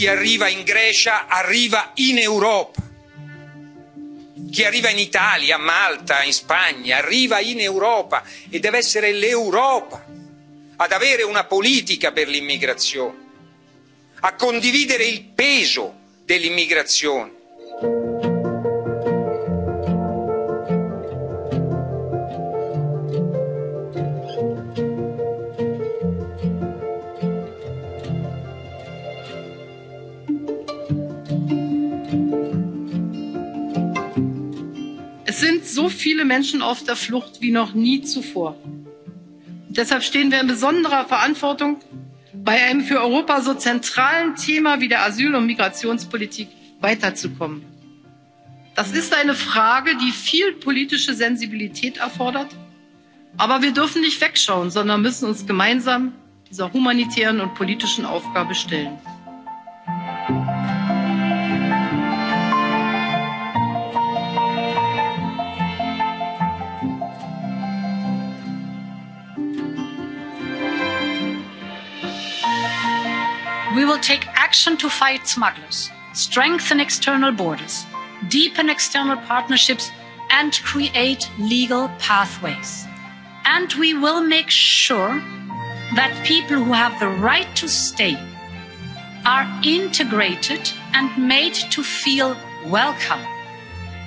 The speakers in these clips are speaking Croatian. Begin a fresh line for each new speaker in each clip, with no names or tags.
chi arriva in Grecia arriva in Europa, chi arriva in Italia, a Malta, in Spagna, arriva in Europa e deve essere l'Europa ad avere una politica per l'immigrazione, a condividere il peso dell'immigrazione.
so viele menschen auf der flucht wie noch nie zuvor. deshalb stehen wir in besonderer verantwortung bei einem für europa so zentralen thema wie der asyl und migrationspolitik weiterzukommen. das ist eine frage die viel politische sensibilität erfordert aber wir dürfen nicht wegschauen sondern müssen uns gemeinsam dieser humanitären und politischen aufgabe stellen. will take action to fight smugglers strengthen external borders deepen external partnerships and create legal pathways and we will make sure that people who have the right to stay are integrated and made to feel welcome.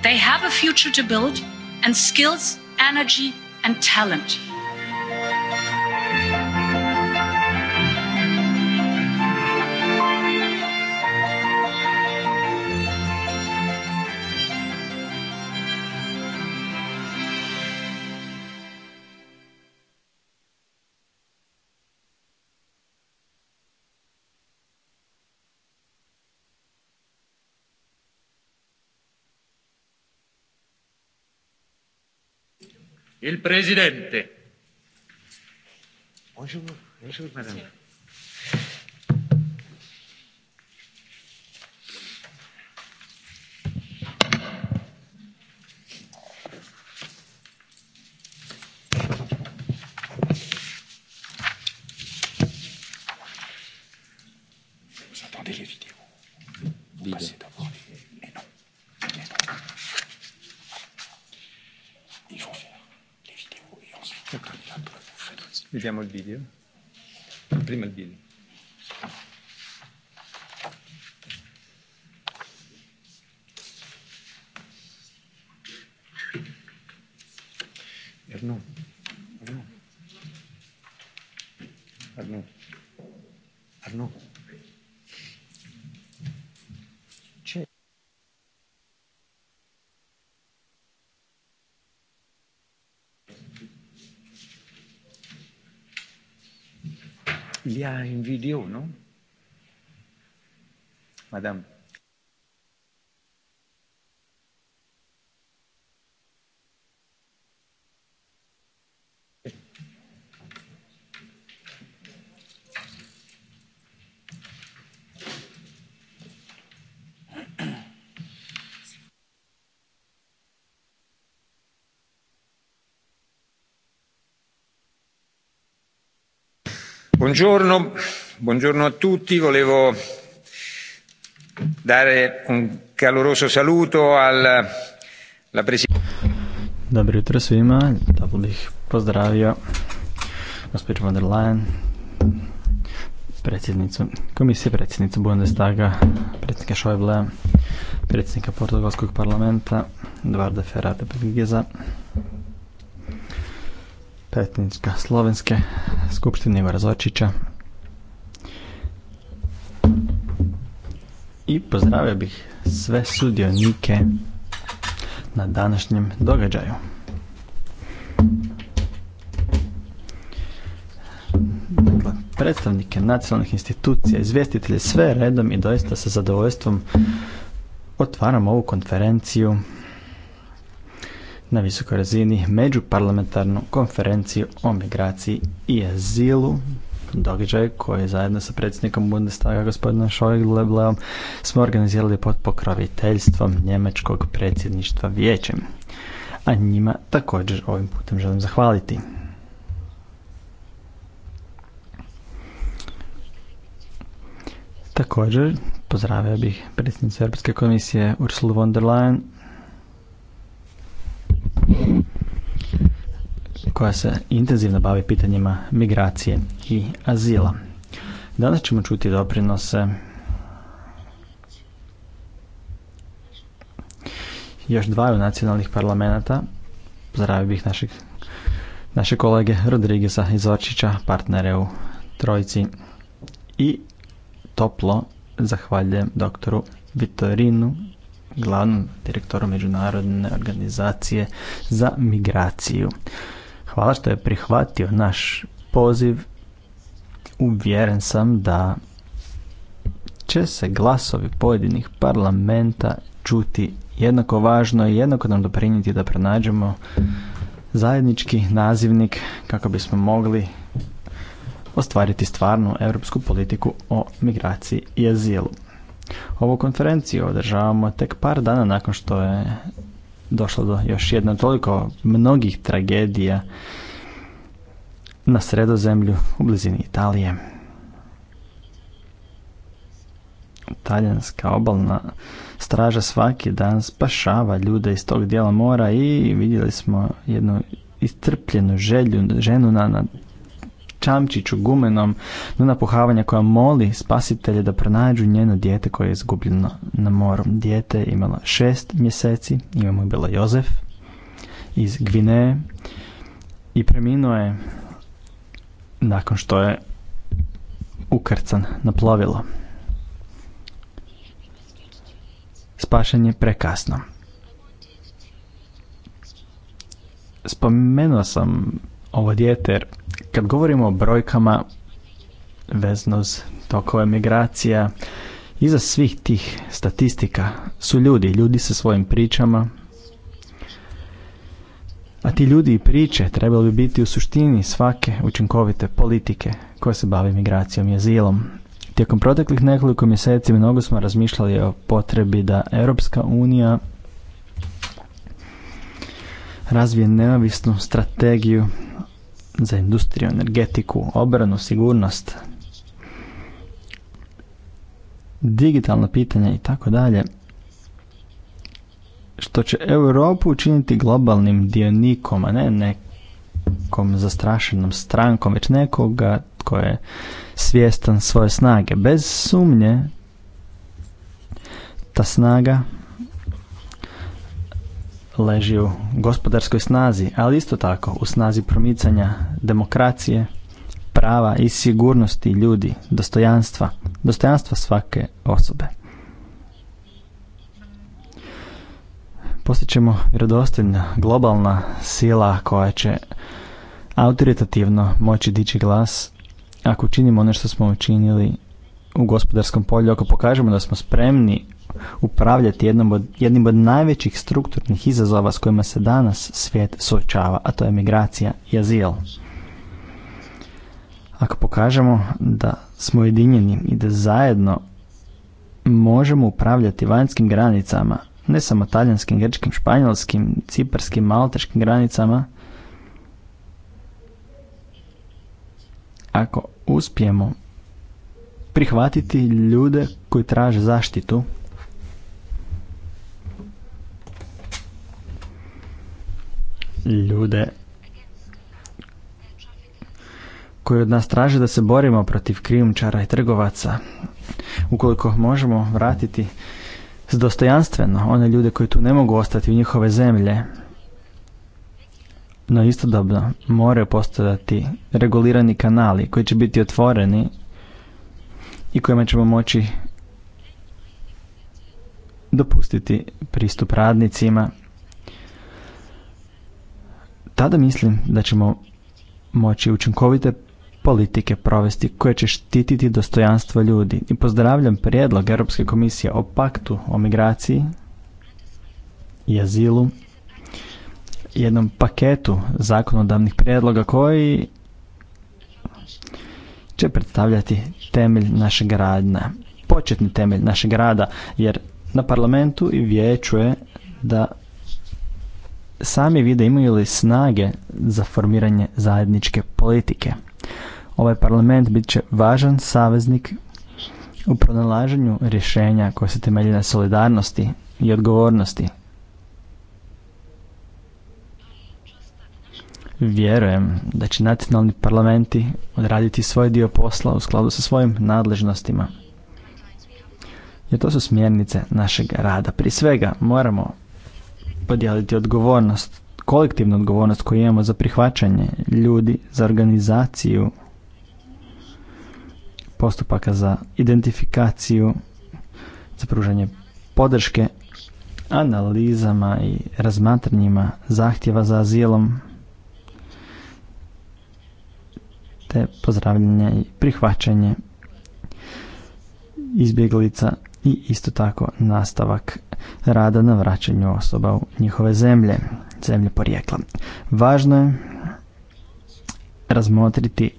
they have a future to build and skills energy and talent.
il presidente. Bonjour, bonjour madame. Monsieur.
Vediamo il video. Prima il video.
Erno.
il in a une Madame
Buongiorno, buongiorno a tutti. Volevo dare un caloroso saluto alla
Dobro jutro svima, da bih pozdravio gospođu von der Leyen, predsjednicu komisije, predsjednicu Bundestaga, predsjednika Schäuble, predsjednika portugalskog parlamenta, Eduarda Ferrara Rodrigueza, predsjednička Slovenske skupštine Ivara Zočića. I pozdravio bih sve sudionike na današnjem događaju. Dakle, predstavnike nacionalnih institucija, izvjestitelje sve redom i doista sa zadovoljstvom otvaram ovu konferenciju na visokoj razini međuparlamentarnu konferenciju o migraciji i azilu događaj koji zajedno sa predsjednikom Bundestaga gospodinom Schäubleom smo organizirali pod pokroviteljstvom njemačkog predsjedništva vijećem. A njima također ovim putem želim zahvaliti. Također pozdravio bih predsjednicu Europske komisije Ursula von der Leyen koja se intenzivno bavi pitanjima migracije i azila. Danas ćemo čuti doprinose još dvaju nacionalnih parlamenta. Pozdravio bih našeg, naše kolege Rodrigesa iz partnere u Trojci. I toplo zahvaljujem doktoru Vitorinu glavnom direktorom Međunarodne organizacije za migraciju. Hvala što je prihvatio naš poziv. Uvjeren sam da će se glasovi pojedinih parlamenta čuti jednako važno i jednako nam doprinijeti da pronađemo zajednički nazivnik kako bismo mogli ostvariti stvarnu europsku politiku o migraciji i azilu. Ovu konferenciju održavamo tek par dana nakon što je došlo do još jedna toliko mnogih tragedija na sredozemlju u blizini Italije. Italijanska obalna straža svaki dan spašava ljude iz tog dijela mora i vidjeli smo jednu istrpljenu želju, ženu na, na čamčiću gumenom do napuhavanja koja moli spasitelje da pronađu njeno dijete koje je izgubljeno na moru. Dijete je imala šest mjeseci, imamo mu je bila Jozef iz Gvineje i preminuo je nakon što je ukrcan na plovilo. Spašen je prekasno. Spomenuo sam ovo dijete jer kad govorimo o brojkama vezno uz tokove migracija, iza svih tih statistika su ljudi, ljudi sa svojim pričama, a ti ljudi i priče trebali bi biti u suštini svake učinkovite politike koja se bavi migracijom i azilom. Tijekom proteklih nekoliko mjeseci mnogo smo razmišljali o potrebi da Europska unija razvije neovisnu strategiju za industriju, energetiku, obranu, sigurnost, digitalna pitanja i tako dalje, što će Europu učiniti globalnim dionikom, a ne nekom zastrašenom strankom, već nekoga tko je svjestan svoje snage. Bez sumnje ta snaga leži u gospodarskoj snazi, ali isto tako u snazi promicanja demokracije, prava i sigurnosti ljudi, dostojanstva, dostojanstva svake osobe. Postićemo vjerodostojna globalna sila koja će autoritativno moći dići glas ako učinimo ono što smo učinili u gospodarskom polju, ako pokažemo da smo spremni upravljati jednom od, jednim od najvećih strukturnih izazova s kojima se danas svijet suočava, a to je migracija i azil. Ako pokažemo da smo jedinjeni i da zajedno možemo upravljati vanjskim granicama, ne samo talijanskim, grčkim, španjolskim, ciparskim, malteškim granicama, ako uspijemo prihvatiti ljude koji traže zaštitu ljude koji od nas traže da se borimo protiv krijumčara i trgovaca. Ukoliko možemo vratiti s dostojanstveno one ljude koji tu ne mogu ostati u njihove zemlje, no istodobno moraju postojati regulirani kanali koji će biti otvoreni i kojima ćemo moći dopustiti pristup radnicima. Tada mislim da ćemo moći učinkovite politike provesti koje će štititi dostojanstvo ljudi i pozdravljam prijedlog Europske komisije o paktu o migraciji i azilu jednom paketu zakonodavnih prijedloga koji će predstavljati temelj našeg rada, početni temelj našeg rada, jer na parlamentu i vijeću je da sami vide imaju li snage za formiranje zajedničke politike. Ovaj parlament bit će važan saveznik u pronalaženju rješenja koje se temelji na solidarnosti i odgovornosti Vjerujem da će nacionalni parlamenti odraditi svoj dio posla u skladu sa svojim nadležnostima. Jer to su smjernice našeg rada. Prije svega moramo podijeliti odgovornost, kolektivnu odgovornost koju imamo za prihvaćanje ljudi, za organizaciju postupaka za identifikaciju, za pružanje podrške, analizama i razmatranjima zahtjeva za azilom, pozdravljanja i prihvaćanje izbjeglica i isto tako nastavak rada na vraćanju osoba u njihove zemlje, zemlje porijekla. Važno je razmotriti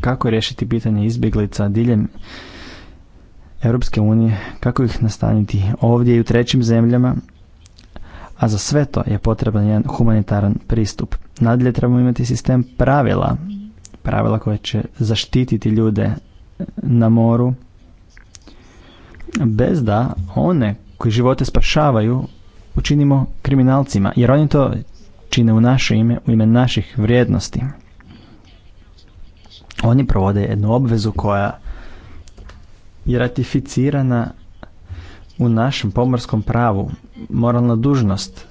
kako rješiti pitanje izbjeglica diljem Europske unije, kako ih nastaniti ovdje i u trećim zemljama, a za sve to je potreban jedan humanitaran pristup. Nadalje trebamo imati sistem pravila pravila koje će zaštititi ljude na moru bez da one koji živote spašavaju učinimo kriminalcima jer oni to čine u naše ime, u ime naših vrijednosti. Oni provode jednu obvezu koja je ratificirana u našem pomorskom pravu, moralna dužnost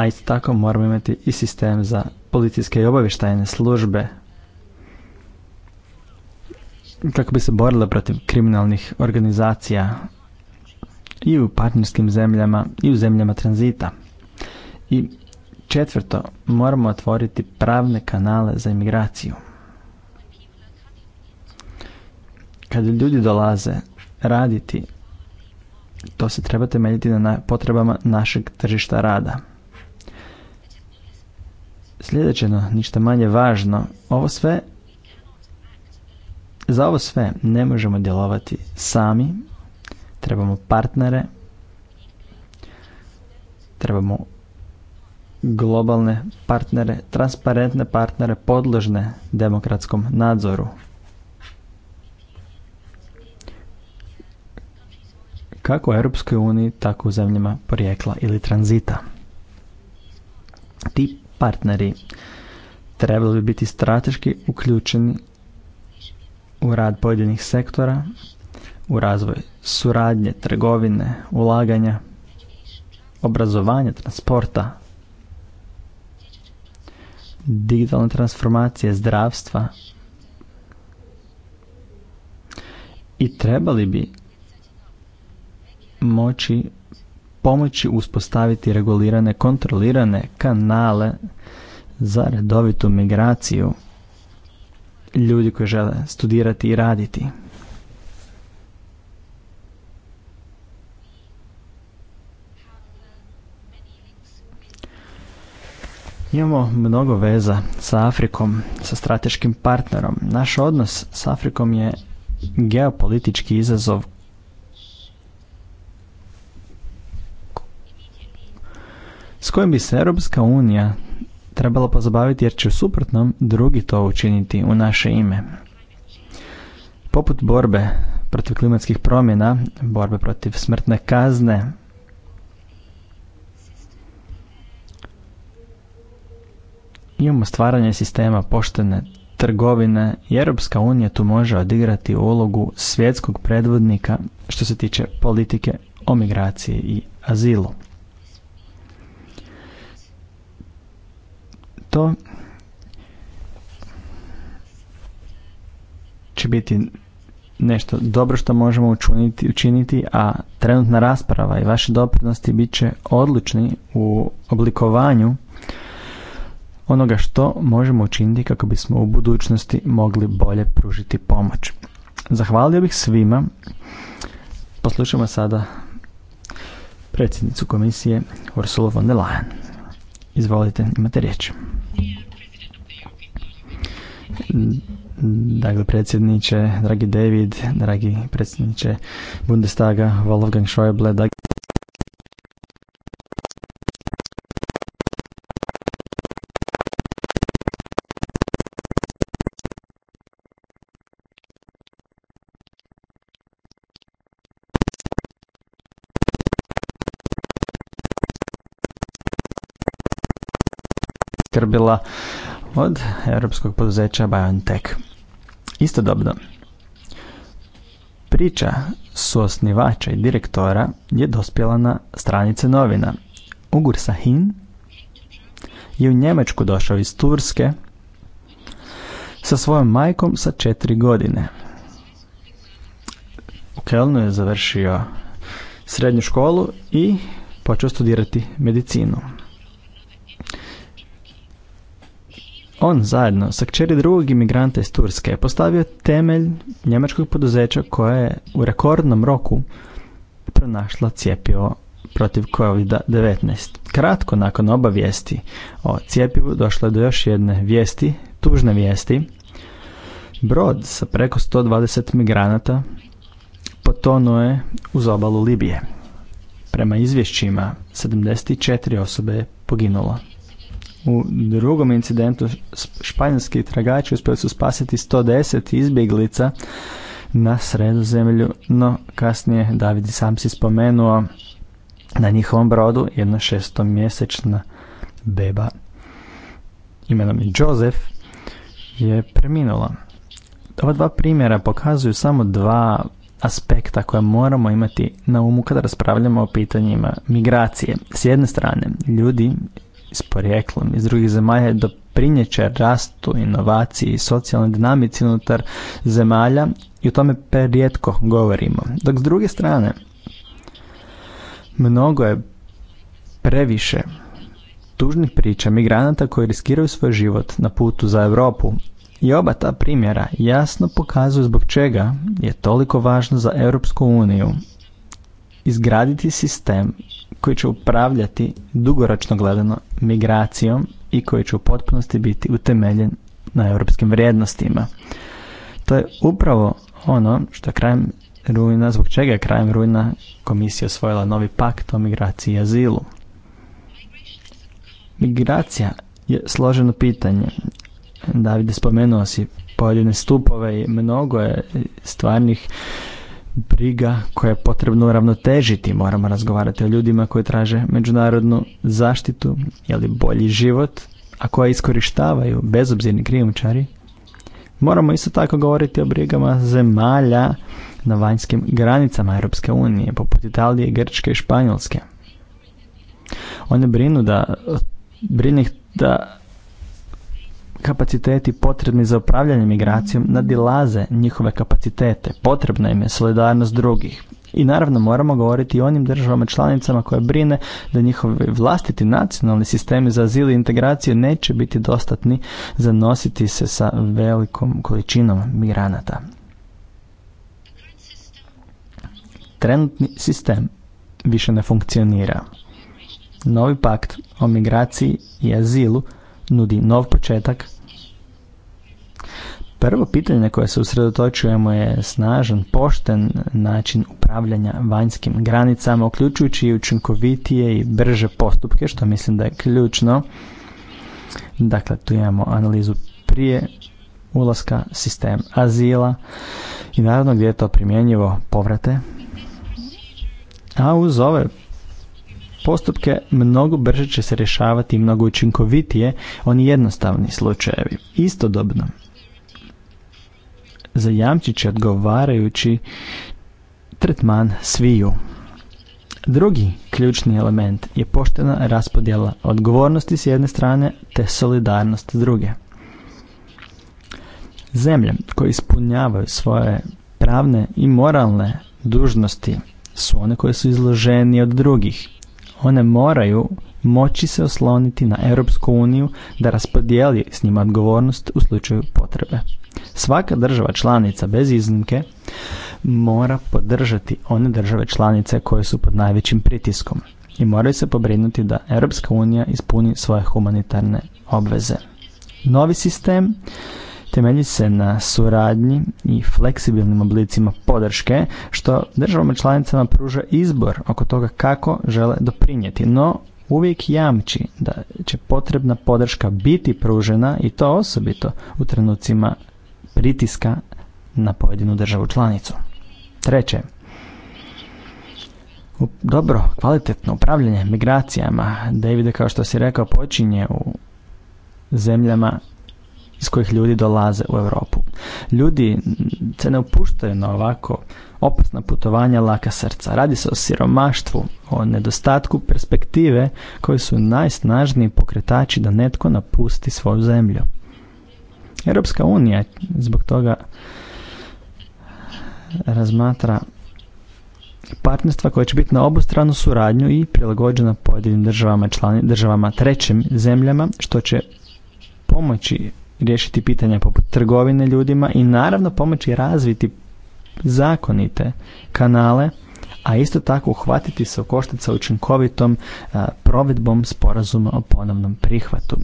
a isto tako moramo imati i sistem za policijske i obavještajne službe kako bi se borile protiv kriminalnih organizacija i u partnerskim zemljama i u zemljama tranzita. I četvrto, moramo otvoriti pravne kanale za imigraciju. Kad ljudi dolaze raditi, to se treba temeljiti na potrebama našeg tržišta rada. Sljedeće, no, ništa manje važno, ovo sve, za ovo sve ne možemo djelovati sami, trebamo partnere, trebamo globalne partnere, transparentne partnere podložne demokratskom nadzoru. Kako u Europskoj uniji, tako u zemljama porijekla ili tranzita. Ti partneri trebali bi biti strateški uključeni u rad pojedinih sektora, u razvoj suradnje, trgovine, ulaganja, obrazovanja, transporta, digitalne transformacije, zdravstva. I trebali bi moći pomoći uspostaviti regulirane, kontrolirane kanale za redovitu migraciju ljudi koji žele studirati i raditi. Imamo mnogo veza sa Afrikom, sa strateškim partnerom. Naš odnos s Afrikom je geopolitički izazov s kojim bi se Europska unija trebala pozabaviti jer će u suprotnom drugi to učiniti u naše ime. Poput borbe protiv klimatskih promjena, borbe protiv smrtne kazne, imamo stvaranje sistema poštene trgovine i Europska unija tu može odigrati ulogu svjetskog predvodnika što se tiče politike o migraciji i azilu. to će biti nešto dobro što možemo učiniti, učiniti, a trenutna rasprava i vaše doprinosti bit će odlični u oblikovanju onoga što možemo učiniti kako bismo u budućnosti mogli bolje pružiti pomoć. Zahvalio bih svima. Poslušamo sada predsjednicu komisije Ursula von der Leyen. Izvolite, imate riječ. Dakle, predsjedniče, dragi David, dragi predsjedniče Bundestaga, Wolfgang Schäuble, dakle, skrbila od europskog poduzeća BioNTech. Istodobno, priča osnivača i direktora je dospjela na stranice novina. Ugur Sahin je u Njemačku došao iz Turske sa svojom majkom sa četiri godine. U Kelnu je završio srednju školu i počeo studirati medicinu. on zajedno sa kćeri drugog imigranta iz Turske postavio temelj njemačkog poduzeća koje je u rekordnom roku pronašla cijepivo protiv COVID-19. Kratko nakon obavijesti o cijepivu došlo je do još jedne vijesti, tužne vijesti. Brod sa preko 120 migranata potonuo je uz obalu Libije. Prema izvješćima 74 osobe je poginulo. U drugom incidentu španjolski tragači uspjeli su spasiti 110 izbjeglica na sredu zemlju, no kasnije David sam si spomenuo na njihovom brodu jedna šestomjesečna beba imenom Joseph je preminula. Ova dva primjera pokazuju samo dva aspekta koja moramo imati na umu kada raspravljamo o pitanjima migracije. S jedne strane, ljudi s porijeklom iz drugih zemalja doprinjeće će rastu, inovaciji i socijalnoj dinamici unutar zemalja i o tome prerijetko govorimo. Dok s druge strane, mnogo je previše tužnih priča migranata koji riskiraju svoj život na putu za Europu. I oba ta primjera jasno pokazuju zbog čega je toliko važno za Europsku uniju izgraditi sistem koji će upravljati dugoročno gledano migracijom i koji će u potpunosti biti utemeljen na europskim vrijednostima. To je upravo ono što krajem rujna, zbog čega je krajem rujna komisija osvojila novi pakt o migraciji i azilu. Migracija je složeno pitanje. David spomenuo si pojedine stupove i mnogo je stvarnih briga koja je potrebno ravnotežiti. Moramo razgovarati o ljudima koji traže međunarodnu zaštitu ili bolji život, a koja iskorištavaju bezobzirni krijumčari. Moramo isto tako govoriti o brigama zemalja na vanjskim granicama Europske unije, poput Italije, Grčke i Španjolske. One brinu da, brinu da kapaciteti potrebni za upravljanje migracijom nadilaze njihove kapacitete. Potrebna im je solidarnost drugih. I naravno moramo govoriti i onim državama članicama koje brine da njihovi vlastiti nacionalni sistemi za azil i integraciju neće biti dostatni za nositi se sa velikom količinom migranata. Trenutni sistem više ne funkcionira. Novi pakt o migraciji i azilu nudi nov početak. Prvo pitanje na koje se usredotočujemo je snažan, pošten način upravljanja vanjskim granicama, uključujući i učinkovitije i brže postupke, što mislim da je ključno. Dakle, tu imamo analizu prije ulaska, sistem azila i naravno gdje je to primjenjivo povrate. A uz ove postupke, mnogo brže će se rješavati i mnogo učinkovitije oni jednostavni slučajevi. Istodobno, zajamčit će odgovarajući tretman sviju. Drugi ključni element je poštena raspodjela odgovornosti s jedne strane te solidarnost s druge. Zemlje koje ispunjavaju svoje pravne i moralne dužnosti su one koje su izloženi od drugih one moraju moći se osloniti na Europsku uniju da raspodijeli s njima odgovornost u slučaju potrebe. Svaka država članica bez iznimke mora podržati one države članice koje su pod najvećim pritiskom i moraju se pobrinuti da Europska unija ispuni svoje humanitarne obveze. Novi sistem Temelji se na suradnji i fleksibilnim oblicima podrške što državama članicama pruža izbor oko toga kako žele doprinijeti, no uvijek jamči da će potrebna podrška biti pružena i to osobito u trenucima pritiska na pojedinu državu članicu. Treće, dobro, kvalitetno upravljanje migracijama, Davide kao što si rekao počinje u zemljama iz kojih ljudi dolaze u Europu. Ljudi se ne upuštaju na ovako opasna putovanja laka srca. Radi se o siromaštvu, o nedostatku perspektive koji su najsnažniji pokretači da netko napusti svoju zemlju. Europska unija zbog toga razmatra partnerstva koja će biti na obostranu suradnju i prilagođena pojedinim državama, državama trećim zemljama, što će pomoći riješiti pitanja poput trgovine ljudima i naravno pomoći razviti zakonite kanale, a isto tako uhvatiti se u učinkovitom provedbom sporazuma o ponovnom prihvatu.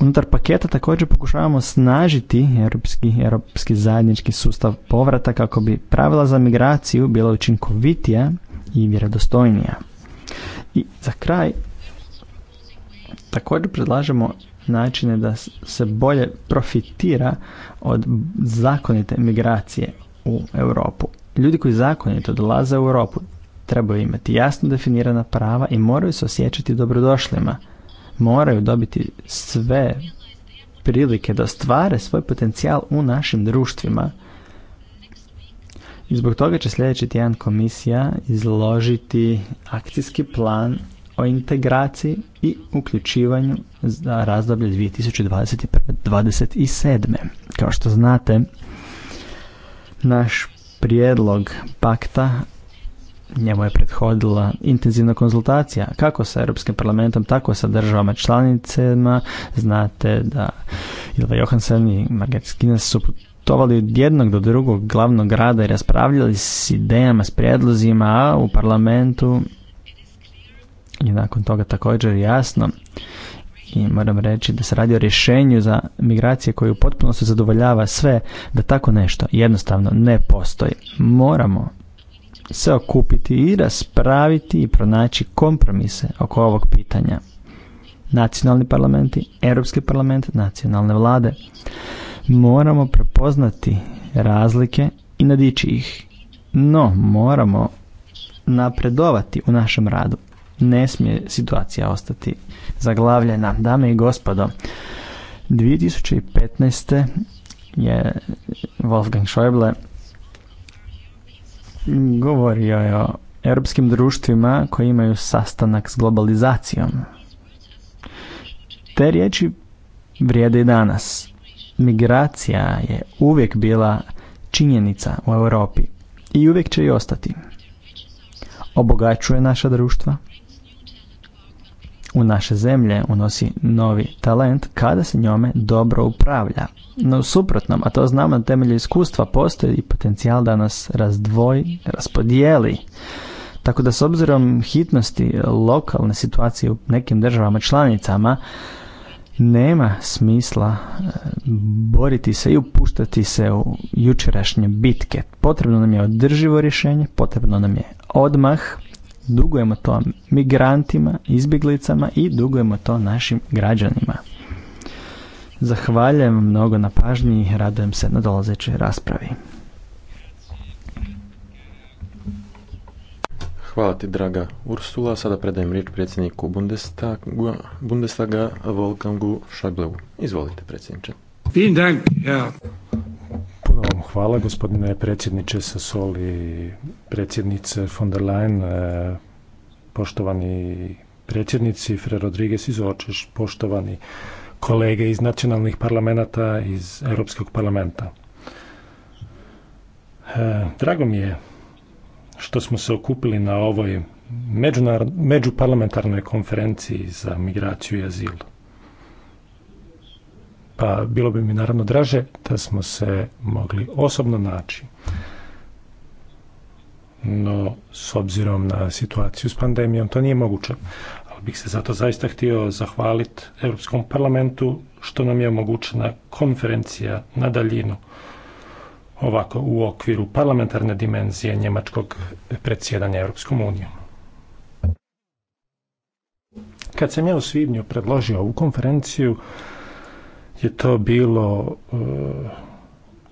Unutar paketa također pokušavamo snažiti europski, europski zajednički sustav povrata kako bi pravila za migraciju bila učinkovitija i vjerodostojnija. I za kraj također predlažemo načine da se bolje profitira od zakonite migracije u Europu. Ljudi koji zakonito dolaze u Europu trebaju imati jasno definirana prava i moraju se osjećati dobrodošlima. Moraju dobiti sve prilike da stvare svoj potencijal u našim društvima. I zbog toga će sljedeći tjedan komisija izložiti akcijski plan o integraciji i uključivanju za razdoblje 2021-2027. Kao što znate, naš prijedlog pakta njemu je prethodila intenzivna konzultacija kako sa Europskim parlamentom, tako sa državama članicama. Znate da Ilva Johansen i Margaret Skinner su putovali od jednog do drugog glavnog grada i raspravljali s idejama, s prijedlozima, a u parlamentu je nakon toga također jasno i moram reći da se radi o rješenju za migracije koje u potpunosti zadovoljava sve, da tako nešto jednostavno ne postoji. Moramo se okupiti i raspraviti i pronaći kompromise oko ovog pitanja. Nacionalni parlamenti, Europski parlament, nacionalne vlade. Moramo prepoznati razlike i nadići ih. No, moramo napredovati u našem radu ne smije situacija ostati zaglavljena. Dame i gospodo, 2015. je Wolfgang Schäuble govorio je o europskim društvima koji imaju sastanak s globalizacijom. Te riječi vrijede i danas. Migracija je uvijek bila činjenica u Europi i uvijek će i ostati. Obogaćuje naša društva, u naše zemlje unosi novi talent kada se njome dobro upravlja. No u suprotnom, a to znamo na temelju iskustva, postoji i potencijal da nas razdvoji, raspodijeli. Tako da s obzirom hitnosti lokalne situacije u nekim državama članicama, nema smisla e, boriti se i upuštati se u jučerašnje bitke. Potrebno nam je održivo rješenje, potrebno nam je odmah, dugujemo to migrantima, izbjeglicama i dugujemo to našim građanima. Zahvaljujem mnogo na pažnji i radujem se na dolazećoj raspravi.
Hvala ti, draga Ursula. Sada predajem riječ predsjedniku Bundestaga, Bundestaga Wolfgangu Schäubleu. Izvolite, predsjedniče
hvala, gospodine predsjedniče Soli, predsjednice von der Leyen, e, poštovani predsjednici, Fre Rodriguez iz Očeš, poštovani kolege iz nacionalnih parlamenta, iz Europskog parlamenta. E, drago mi je što smo se okupili na ovoj međuparlamentarnoj konferenciji za migraciju i azil pa bilo bi mi naravno draže da smo se mogli osobno naći. No, s obzirom na situaciju s pandemijom, to nije moguće. Ali bih se zato zaista htio zahvaliti Europskom parlamentu što nam je omogućena konferencija na daljinu ovako u okviru parlamentarne dimenzije njemačkog predsjedanja Europskom unijom. Kad sam ja u svibnju predložio ovu konferenciju, je to bilo e,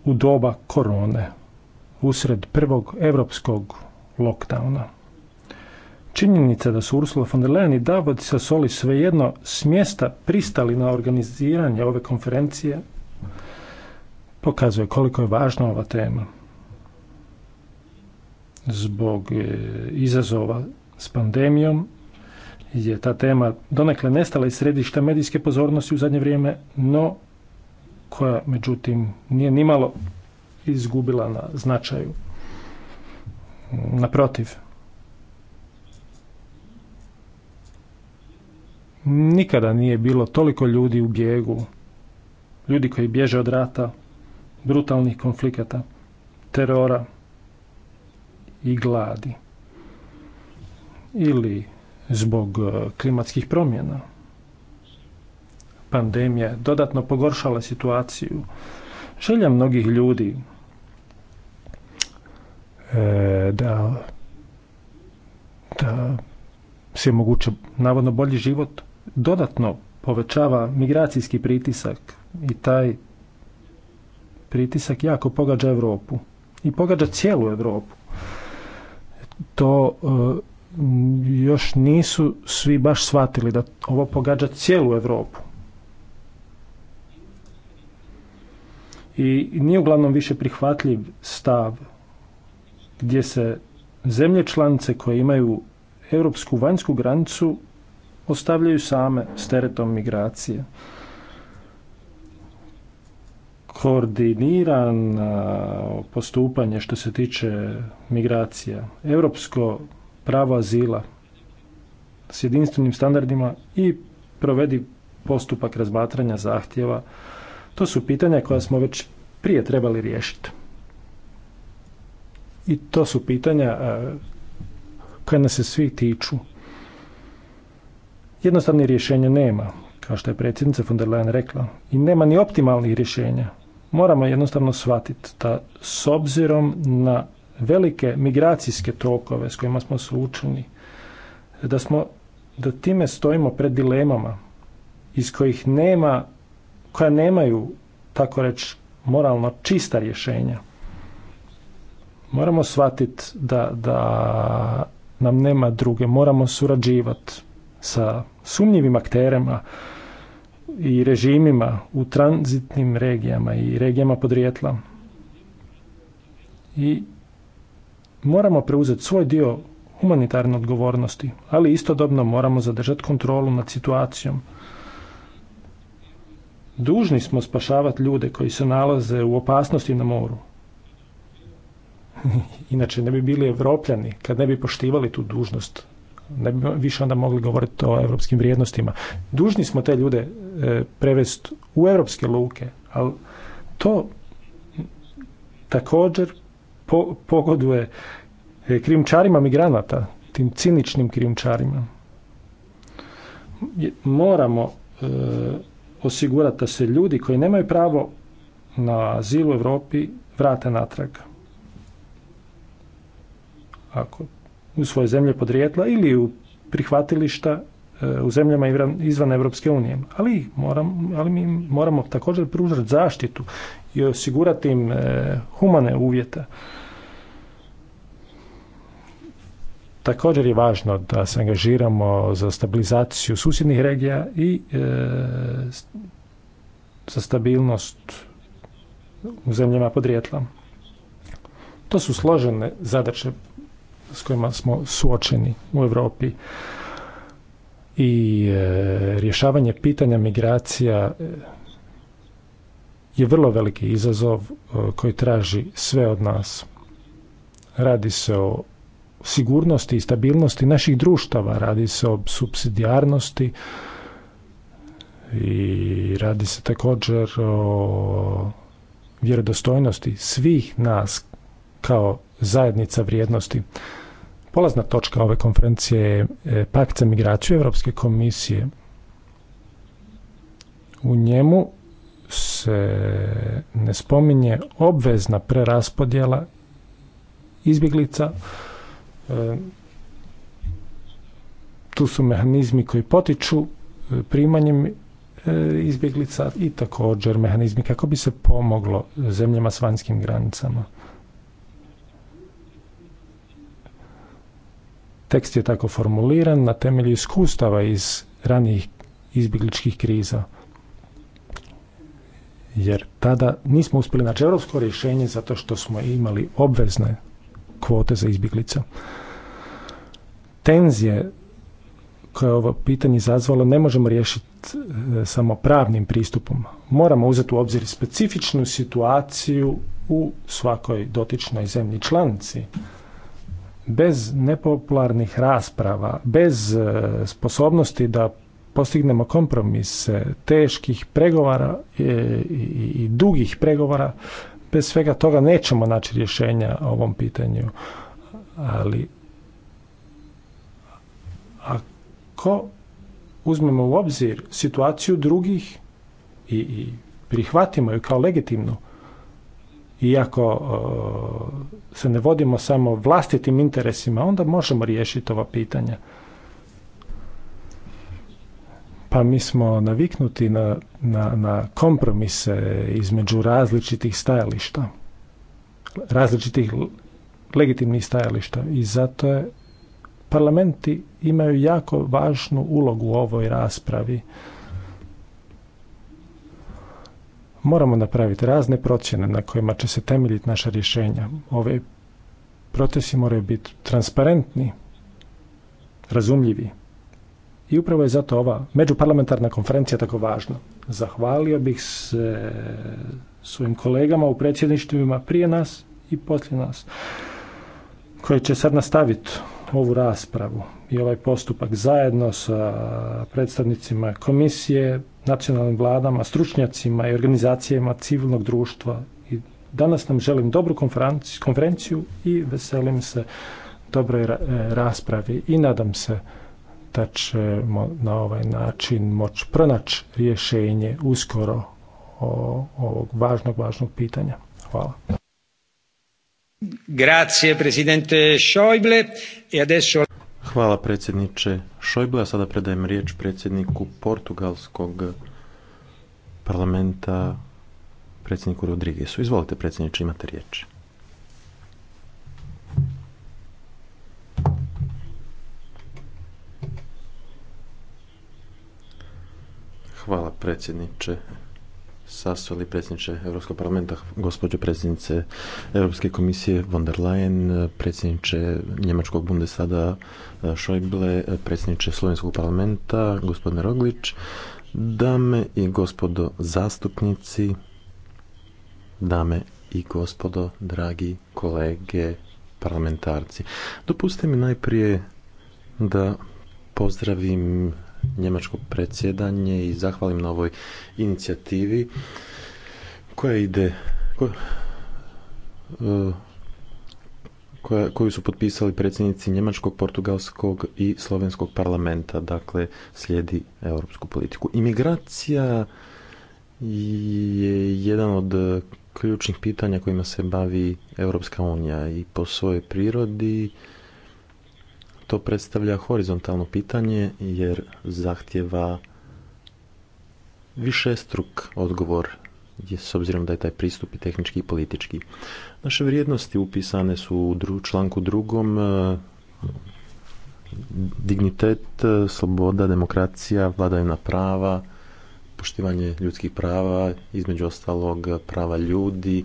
u doba korone, usred prvog evropskog lockdowna. Činjenica da su Ursula von der Leyen i Davod Soli svejedno s mjesta pristali na organiziranje ove konferencije pokazuje koliko je važna ova tema zbog e, izazova s pandemijom je ta tema donekle nestala iz središta medijske pozornosti u zadnje vrijeme, no koja međutim nije nimalo izgubila na značaju. Naprotiv, nikada nije bilo toliko ljudi u bijegu, ljudi koji bježe od rata, brutalnih konflikata, terora i gladi ili zbog e, klimatskih promjena. Pandemija dodatno pogoršala situaciju. Želja mnogih ljudi e, da, da se moguće navodno bolji život dodatno povećava migracijski pritisak i taj pritisak jako pogađa Europu i pogađa cijelu Europu. To e, Mm, još nisu svi baš shvatili da ovo pogađa cijelu Europu. I nije uglavnom više prihvatljiv stav gdje se zemlje članice koje imaju europsku vanjsku granicu ostavljaju same s teretom migracije. Koordiniran postupanje što se tiče migracija. Europsko pravo azila s jedinstvenim standardima i provedi postupak razmatranja zahtjeva. To su pitanja koja smo već prije trebali riješiti. I to su pitanja e, koja nas se svi tiču. Jednostavnih rješenja nema, kao što je predsjednica von der Leyen rekla. I nema ni optimalnih rješenja. Moramo jednostavno shvatiti da s obzirom na velike migracijske tokove s kojima smo suočeni, da smo da time stojimo pred dilemama iz kojih nema koja nemaju tako reći moralno čista rješenja. Moramo shvatiti da, da nam nema druge, moramo surađivati sa sumnjivim akterima i režimima u tranzitnim regijama i regijama podrijetla. I moramo preuzeti svoj dio humanitarne odgovornosti, ali istodobno moramo zadržati kontrolu nad situacijom. Dužni smo spašavati ljude koji se nalaze u opasnosti na moru. Inače ne bi bili evropljani kad ne bi poštivali tu dužnost. Ne bi više onda mogli govoriti o evropskim vrijednostima. Dužni smo te ljude e, prevesti u evropske luke, ali to također po, pogoduje e, krijumčarima migranata, tim ciničnim krijumčarima. Moramo e, osigurati da se ljudi koji nemaju pravo na azil u Europi vrate natrag. Ako u svoje zemlje podrijetla ili u prihvatilišta E, u zemljama izvan Europske unije. Ali, moram, ali mi moramo također pružati zaštitu i osigurati im e, humane uvjete. Također je važno da se angažiramo za stabilizaciju susjednih regija i e, za stabilnost u zemljama podrijetla. To su složene zadaće s kojima smo suočeni u Europi i e, rješavanje pitanja migracija e, je vrlo veliki izazov e, koji traži sve od nas. Radi se o sigurnosti i stabilnosti naših društava, radi se o subsidijarnosti i radi se također o vjerodostojnosti svih nas kao zajednica vrijednosti. Polazna točka ove konferencije je e, pakt za migraciju Europske komisije. U njemu se ne spominje obvezna preraspodjela izbjeglica. E, tu su mehanizmi koji potiču e, primanjem izbjeglica i također mehanizmi kako bi se pomoglo zemljama s vanjskim granicama. Tekst je tako formuliran na temelju iskustava iz ranijih izbjegličkih kriza. Jer tada nismo uspjeli naći europsko rješenje zato što smo imali obvezne kvote za izbjeglica. Tenzije koje je ovo pitanje izazvalo ne možemo riješiti e, samo pravnim pristupom. Moramo uzeti u obzir specifičnu situaciju u svakoj dotičnoj zemlji članici bez nepopularnih rasprava, bez e, sposobnosti da postignemo kompromise, teških pregovara e, i, i, dugih pregovara, bez svega toga nećemo naći rješenja o ovom pitanju. Ali ako uzmemo u obzir situaciju drugih i, i prihvatimo ju kao legitimnu, iako e, se ne vodimo samo vlastitim interesima, onda možemo riješiti ova pitanja. Pa mi smo naviknuti na, na, na kompromise između različitih stajališta, različitih legitimnih stajališta i zato je parlamenti imaju jako važnu ulogu u ovoj raspravi Moramo napraviti razne procjene na kojima će se temeljiti naša rješenja. Ove procesi moraju biti transparentni, razumljivi. I upravo je zato ova međuparlamentarna konferencija tako važna. Zahvalio bih se svojim kolegama u predsjedništvima prije nas i poslije nas, koji će sad nastaviti ovu raspravu i ovaj postupak zajedno sa predstavnicima komisije, nacionalnim vladama, stručnjacima i organizacijama civilnog društva. I danas nam želim dobru konferenciju i veselim se dobroj e, raspravi i nadam se da ćemo na ovaj način moći pronaći rješenje uskoro o ovog važnog, važnog pitanja. Hvala.
Grazie, presidente Schäuble. E adesso... Hvala predsjedniče Šojble, a sada predajem riječ predsjedniku portugalskog parlamenta, predsjedniku Rodriguesu. Izvolite predsjedniče, imate riječ. Hvala predsjedniče sastojali predsjedniče Europskog parlamenta, gospođo predsjednice Europske komisije von der Leyen, predsjedniče Njemačkog bundesada eh, Schäuble, predsjedniče Slovenskog parlamenta, gospodine Roglić, dame i gospodo zastupnici, dame i gospodo, dragi kolege parlamentarci. Dopustite mi najprije da pozdravim njemačko predsjedanje i zahvalim na ovoj inicijativi koja ide e, koju su potpisali predsjednici njemačkog, portugalskog i slovenskog parlamenta, dakle slijedi europsku politiku. Imigracija je jedan od ključnih pitanja kojima se bavi Europska unija i po svojoj prirodi to predstavlja horizontalno pitanje jer zahtjeva više struk odgovor s obzirom da je taj pristup i tehnički i politički. Naše vrijednosti upisane su u članku drugom e, dignitet, e, sloboda, demokracija, vladavina prava, poštivanje ljudskih prava, između ostalog e, prava ljudi,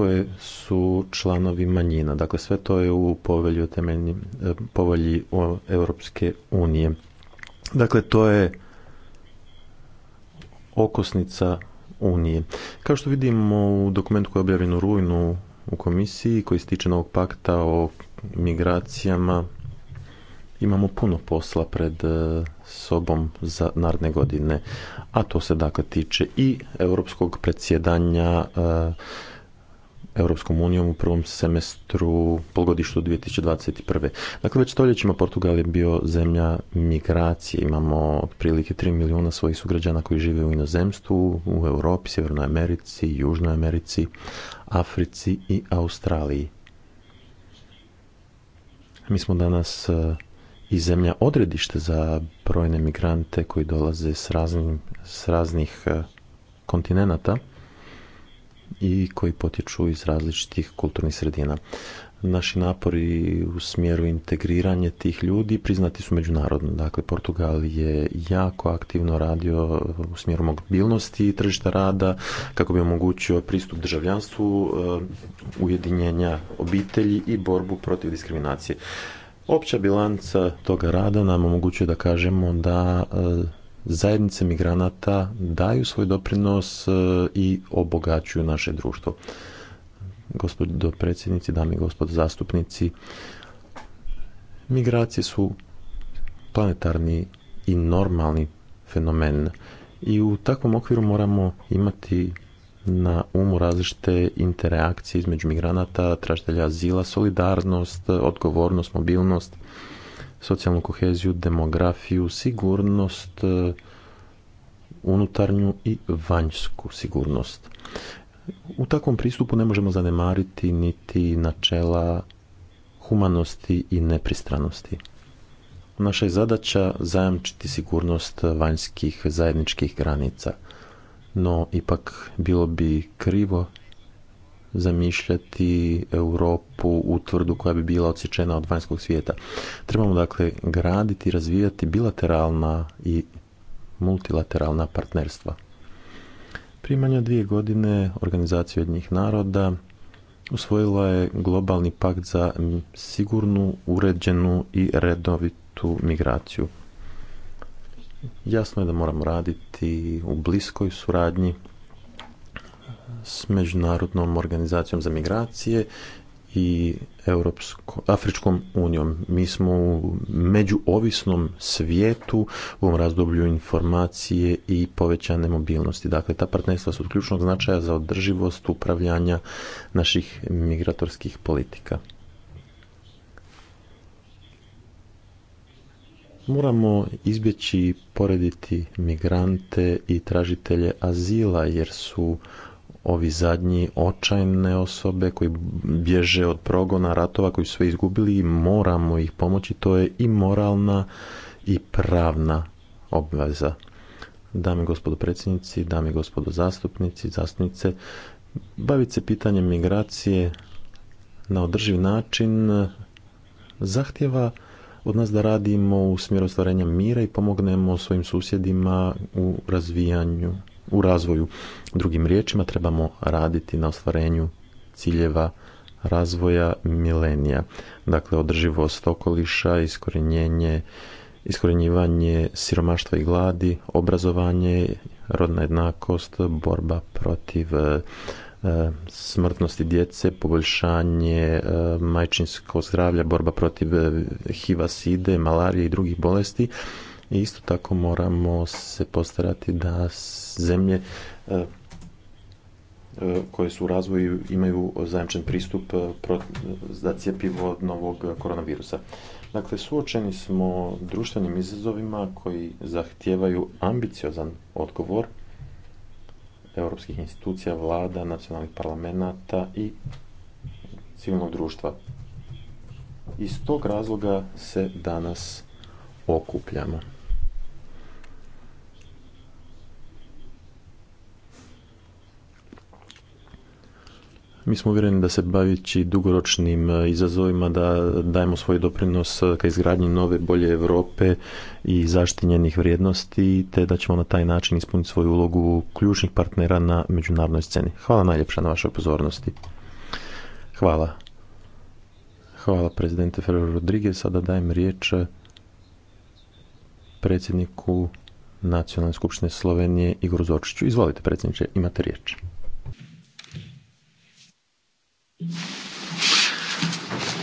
koje su članovi manjina. Dakle, sve to je u povelju temeljni, povelji e, Europske unije. Dakle, to je okosnica unije. Kao što vidimo u dokumentu koji je objavljen u rujnu u komisiji, koji se tiče novog pakta o migracijama, imamo puno posla pred e, sobom za naredne godine, a to se dakle tiče i europskog predsjedanja e, Europskom unijom u prvom semestru polgodištu 2021. Dakle, već stoljećima Portugal je bio zemlja migracije. Imamo otprilike 3 milijuna svojih sugrađana koji žive u inozemstvu, u Europi, Sjevernoj Americi, Južnoj Americi, Africi i Australiji. Mi smo danas e, i zemlja odredište za brojne migrante koji dolaze s, s raznih e, kontinenata i koji potječu iz različitih kulturnih sredina. Naši napori u smjeru integriranja tih ljudi priznati su međunarodno. Dakle, Portugal je jako aktivno radio u smjeru mobilnosti i tržišta rada kako bi omogućio pristup državljanstvu, eh, ujedinjenja obitelji i borbu protiv diskriminacije. Opća bilanca toga rada nam omogućuje da kažemo da eh, zajednice migranata daju svoj doprinos e, i obogaćuju naše društvo. Gospodo predsjednici, dame i gospodo zastupnici, migracije su planetarni i normalni fenomen i u takvom okviru moramo imati na umu različite interakcije između migranata, tražitelja azila, solidarnost, odgovornost, mobilnost socijalnu koheziju, demografiju, sigurnost, e, unutarnju i vanjsku sigurnost. U takvom pristupu ne možemo zanemariti niti načela humanosti i nepristranosti. Naša je zadaća zajamčiti sigurnost vanjskih zajedničkih granica, no ipak bilo bi krivo zamišljati Europu u tvrdu koja bi bila odsječena od vanjskog svijeta. Trebamo dakle graditi i razvijati bilateralna i multilateralna partnerstva. Primanja dvije godine organizacije njih naroda usvojila je globalni pakt za sigurnu, uređenu i redovitu migraciju. Jasno je da moramo raditi u bliskoj suradnji s Međunarodnom organizacijom za migracije i Europsko, Afričkom unijom. Mi smo u međuovisnom svijetu u razdoblju informacije i povećane mobilnosti. Dakle, ta partnerstva su od ključnog značaja za održivost upravljanja naših migratorskih politika. Moramo izbjeći porediti migrante i tražitelje azila jer su ovi zadnji očajne osobe koji bježe od progona ratova koji su sve izgubili i moramo ih pomoći. To je i moralna i pravna obveza. Dame i gospodo predsjednici, dame i gospodo zastupnici, zastupnice, baviti se pitanjem migracije na održiv način zahtjeva od nas da radimo u smjeru ostvarenja mira i pomognemo svojim susjedima u razvijanju u razvoju. Drugim riječima trebamo raditi na ostvarenju ciljeva razvoja milenija. Dakle, održivost okoliša, iskorenjenje, iskorenjivanje siromaštva i gladi, obrazovanje, rodna jednakost, borba protiv e, e, smrtnosti djece, poboljšanje e, majčinskog zdravlja, borba protiv hivaside, a malarije i drugih bolesti isto tako moramo se postarati da zemlje e, e, koje su u razvoju imaju zajamčen pristup e, za cijepivo od novog koronavirusa. Dakle, suočeni smo društvenim izazovima koji zahtijevaju ambiciozan odgovor europskih institucija, vlada, nacionalnih parlamenta i civilnog društva. Iz tog razloga se danas okupljamo. Mi smo uvjereni da se bavići dugoročnim e, izazovima, da dajemo svoj doprinos e, ka izgradnji nove, bolje Europe i zaštinjenih vrijednosti, te da ćemo na taj način ispuniti svoju ulogu ključnih partnera na međunarodnoj sceni. Hvala najljepša na vašoj pozornosti. Hvala. Hvala prezidente Ferro Rodriguez. Sada dajem riječ e, predsjedniku Nacionalne skupštine Slovenije Igoru Zočiću. Izvolite predsjedniče, imate riječ.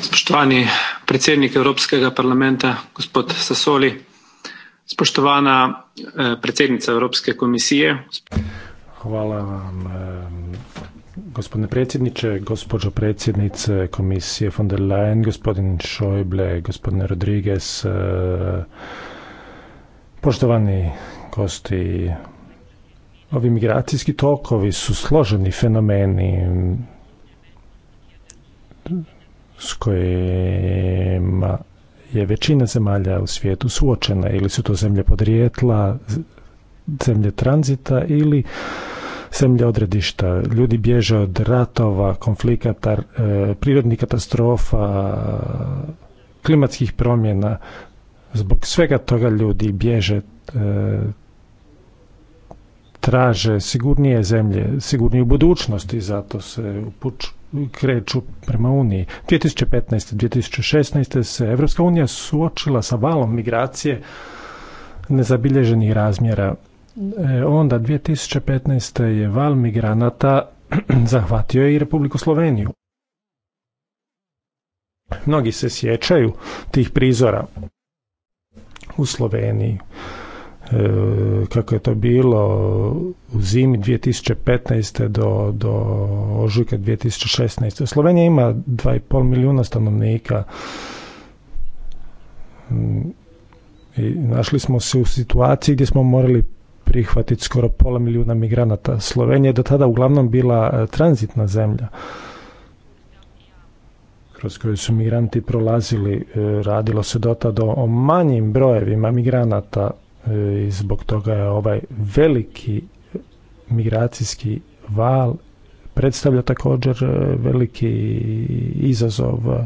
Spoštovani predsednik Evropskega parlamenta, gospod Sasoli spoštovana eh, predsjednica Europske komisije. Hvala vam, eh, gospodine predsjedniče, gospođo predsjednice komisije von der Leyen, gospodin Šojble, gospodine Rodriguez, eh, poštovani gosti Ovi migracijski tokovi su složeni fenomeni, s kojima je većina zemalja u svijetu suočena ili su to zemlje podrijetla, zemlje tranzita ili zemlje odredišta. Ljudi bježe od ratova, konflikata, e, prirodnih katastrofa, klimatskih promjena. Zbog svega toga ljudi bježe, e, traže sigurnije zemlje, sigurniju budućnost i zato se upuču kreću prema Uniji. 2015. 2016. se Evropska unija suočila sa valom migracije nezabilježenih razmjera. E, onda 2015. je val migranata zahvatio je i Republiku Sloveniju. Mnogi se sjećaju tih prizora u Sloveniji. E, kako je to bilo u zimi 2015. do, do ožujka 2016. Slovenija ima 2,5 milijuna stanovnika mm, i našli smo se u situaciji gdje smo morali prihvatiti skoro pola milijuna migranata. Slovenija je do tada uglavnom bila e, tranzitna zemlja kroz koju su migranti prolazili. E, radilo se do tada o manjim brojevima migranata E, i zbog toga je ovaj veliki migracijski val predstavlja također e, veliki izazov e,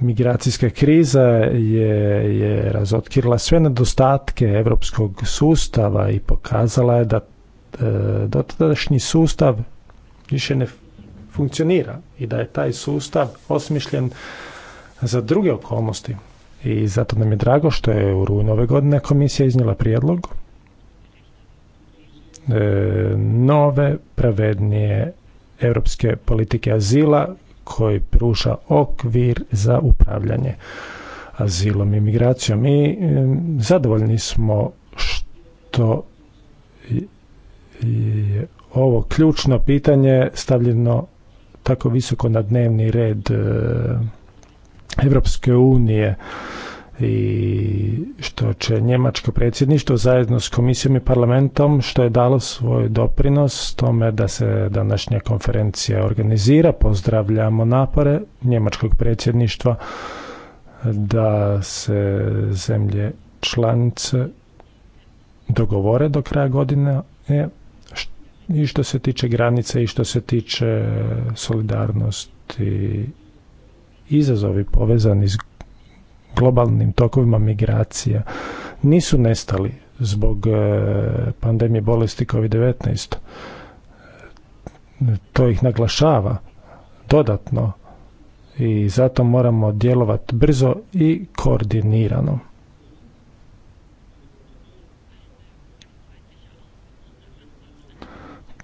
migracijska kriza je, je razotkrila sve nedostatke europskog sustava i pokazala je da dotadašnji sustav više ne funkcionira i da je taj sustav osmišljen za druge okolnosti i zato nam je drago što je u rujnu ove godine komisija iznijela prijedlog e, nove, pravednije europske politike azila koji pruža okvir za upravljanje azilom i migracijom i zadovoljni smo što je ovo ključno pitanje stavljeno tako visoko na dnevni red e, Evropske unije i što će njemačko predsjedništvo zajedno s komisijom i parlamentom što je dalo svoj doprinos tome da se današnja konferencija organizira. Pozdravljamo napore njemačkog predsjedništva da se zemlje članice dogovore do kraja godine i što se tiče granice i što se tiče solidarnosti izazovi povezani s globalnim tokovima migracija nisu nestali zbog e, pandemije bolesti COVID-19. To ih naglašava dodatno i zato moramo djelovati brzo i koordinirano.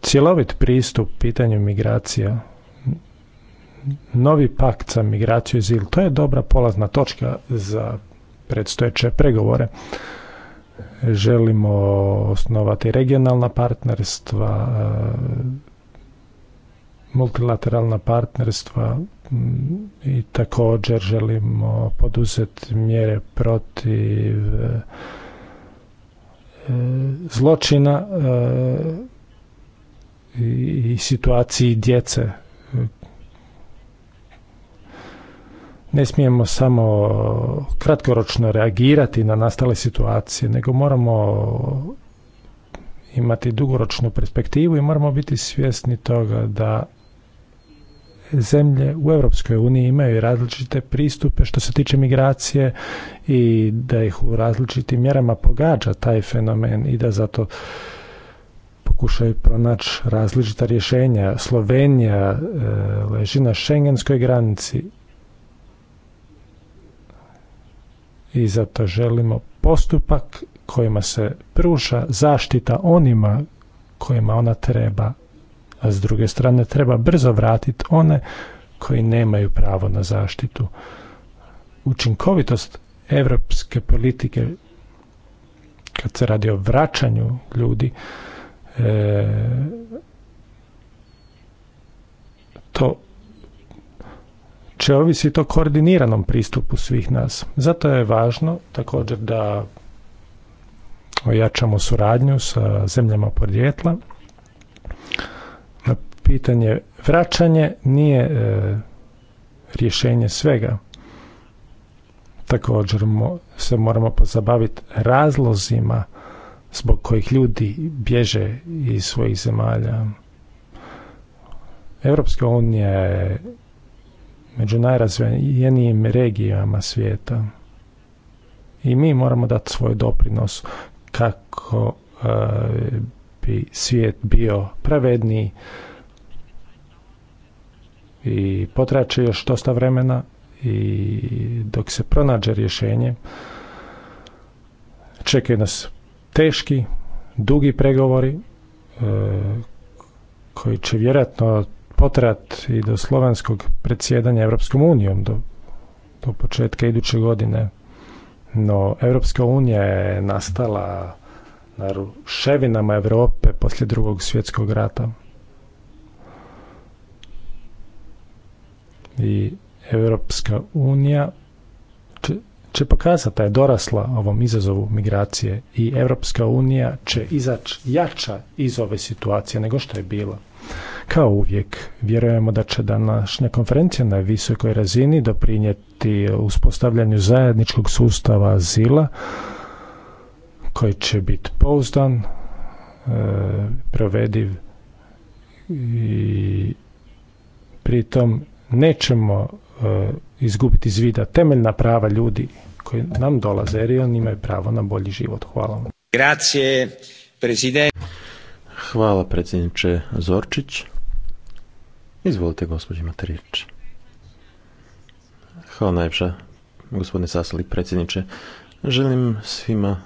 Cjelovit pristup pitanju migracija novi pakt za migraciju i zil. To je dobra polazna točka za predstojeće pregovore. Želimo osnovati regionalna partnerstva, e, multilateralna partnerstva mm, i također želimo poduzeti mjere protiv e, zločina e, i situaciji djece ne smijemo samo kratkoročno reagirati na nastale situacije, nego moramo imati dugoročnu perspektivu i moramo biti svjesni toga da zemlje u Europskoj uniji imaju različite pristupe što se tiče migracije i da ih u različitim mjerama pogađa taj fenomen i da zato pokušaju pronaći različita rješenja. Slovenija e, leži na šengenskoj granici i zato želimo postupak kojima se pruža zaštita onima kojima ona treba, a s druge strane treba brzo vratiti one koji nemaju pravo na zaštitu. Učinkovitost evropske politike kad se radi o vraćanju ljudi e, to će ovisiti o koordiniranom pristupu svih nas. Zato je važno također da ojačamo suradnju sa zemljama podrijetla. Na pitanje vraćanje nije e, rješenje svega. Također se moramo pozabaviti razlozima zbog kojih ljudi bježe iz svojih zemalja. Europska unija je među najrazvijenijim regijama svijeta. I mi moramo dati svoj doprinos kako e, bi svijet bio pravedniji i potraće još dosta vremena i dok se pronađe rješenje čekaju nas teški, dugi pregovori e, koji će vjerojatno potrat i do slovenskog predsjedanja Europskom unijom do, do početka iduće godine. No, Europska unija je nastala na ruševinama Europe poslije drugog svjetskog rata. I Europska unija će, će pokazati da je dorasla ovom izazovu migracije i Europska unija će izaći jača iz ove situacije nego što je bila. Kao uvijek, vjerujemo da će današnja konferencija na visokoj razini doprinijeti uspostavljanju zajedničkog sustava azila koji će biti pouzdan, e, provediv i pritom nećemo e, izgubiti iz vida temeljna prava ljudi koji nam dolaze jer oni imaju pravo na bolji život. Hvala vam.
Hvala predsjedniče Zorčić. Izvolite, gospođo, imate Hvala najljepša, gospodine Sasoli predsjedniče. Želim svima